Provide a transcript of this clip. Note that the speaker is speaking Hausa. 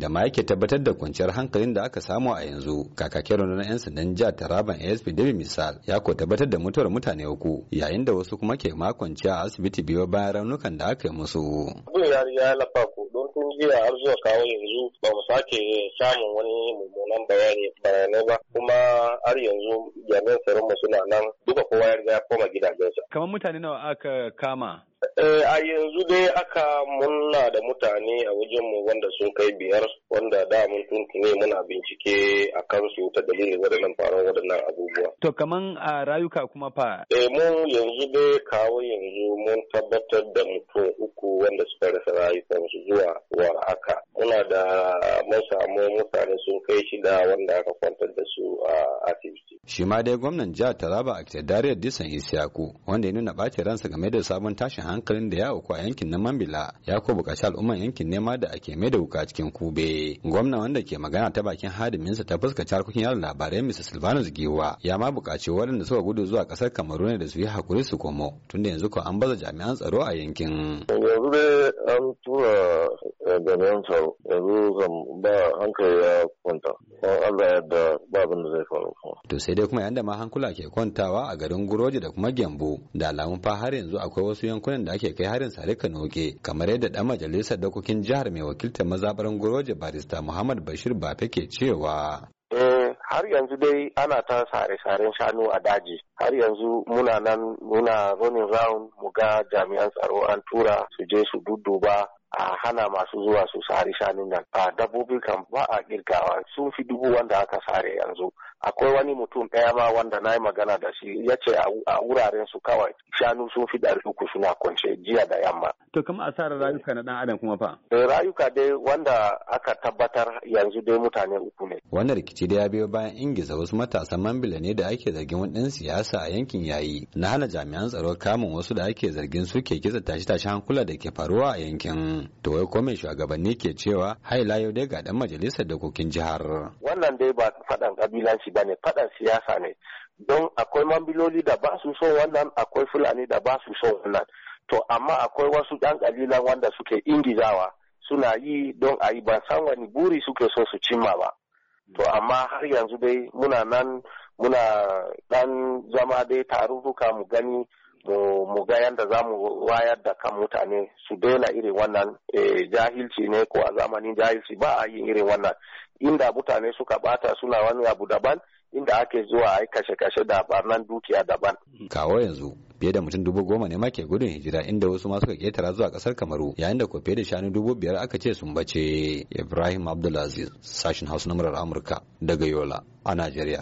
da ma yake tabbatar da kwanciyar hankalin da aka samu a yanzu kakakin rundunar 'yan sandan ta taraban asp david misal ya ko tabbatar da mutuwar mutane uku yayin da wasu kuma ke ma kwanciya a asibiti biyu bayan raunukan da aka yi musu. abin ya riga lafa don tun jiya har zuwa kawo yanzu ba mu sake samun wani mummunan bayani bayanai ba kuma har yanzu jami'an tsaron mu suna nan duka kowa ya riga ya koma gidajensa. kamar mutane nawa aka kama Eh, a yanzu dai aka muna da mutane a wajenmu wanda sun kai biyar wanda da mun tuntune muna bincike a kansu ta dalilin waɗannan faruwar waɗannan abubuwa. To kaman a rayuka kuma fa? Eh mun yanzu dai kawo yanzu mun tabbatar da mutum uku wanda suka rasa rayukansu zuwa war haka. muna da mun mutane sun kai shi da wanda aka kwantar da su a asibiti. Shi ma dai gwamnan jihar Taraba a Dariyar Disan Isiyaku wanda ya nuna ɓacin ransa game da sabon tashin hankalin da ya auku a yankin na Mambila ya ko bukaci al'umman yankin nema da ake mai da wuka cikin kube. Gwamnan wanda ke magana ta bakin hadiminsa ta fuskaci harkokin yara labarai Mr. Silvanus Giwa ya ma bukaci waɗanda suka gudu zuwa ƙasar Kamaru ne da su yi hakuri su komo tunda yanzu ko an baza jami'an tsaro a yankin. Yanzu dai an tura faru yanzu kam ba hankali ya kwanta kuma Allah yadda ba abin da zai faru to sai dai kuma yanda ma hankula ke kwantawa a garin Guroji da kuma Gembu da alamun fa har yanzu akwai wasu yankunan da ake kai harin sare noke kamar yadda dan majalisar dokokin jihar mai wakiltar mazabaran Guroji barista Muhammad Bashir Bafe ke cewa eh, har yanzu dai ana ta sare-saren shanu a daji har yanzu muna nan muna running round mu ga jami'an tsaro an tura su je su dudduba a hana masu zuwa su sari shanun nan a dabbobi kan ba a girgawa sun fi dubu wanda aka sare yanzu akwai wani mutum ɗaya ma wanda na yi magana da shi ya ce a wuraren su kawai shanu sun fi ɗari uku suna kwance jiya da yamma To sa asarar rayuka na dan adam kuma fa? Eh, rayuka dai wanda aka tabbatar yanzu dai mutane uku ne. Wannan rikici da ya biyo bayan ingiza wasu matasan mambila ne da ake zargin wani siyasa a yankin yayi na hana jami'an tsaro kamun wasu da ake zargin su ke tashe tashi-tashi hankula da ke faruwa a yankin. To wai komai shugabanni ke cewa hai layo dai ga dan majalisar dokokin jihar. Wannan dai ba faɗan kabilanci ba ne siyasa ne. Don akwai mambiloli da ba su son wannan akwai fulani da ba su son wannan. to amma akwai wasu ɗan ƙalilan wanda suke ingizawa suna yi don a yi ban san wani buri suke so su cimma ba to amma har yanzu dai muna nan muna ɗan zama dai tarurruka mu gani mu ga yadda za mu wayar da kan mutane su daina irin wannan eh, jahilci ne ko a zamanin jahilci ba a yi irin wannan inda mutane suka bata suna wani abu daban inda ake zuwa a yi kashe-kashe da barnan dukiya daban. Kawo yanzu fiye da mutum dubu goma ne ma ke gudun hijira inda wasu ma suka ketara zuwa kasar kamaru yayin da ko fiye da shanu dubu biyar aka ce sun bace ibrahim abdulaziz sashin hausa na murar amurka daga yola a najeriya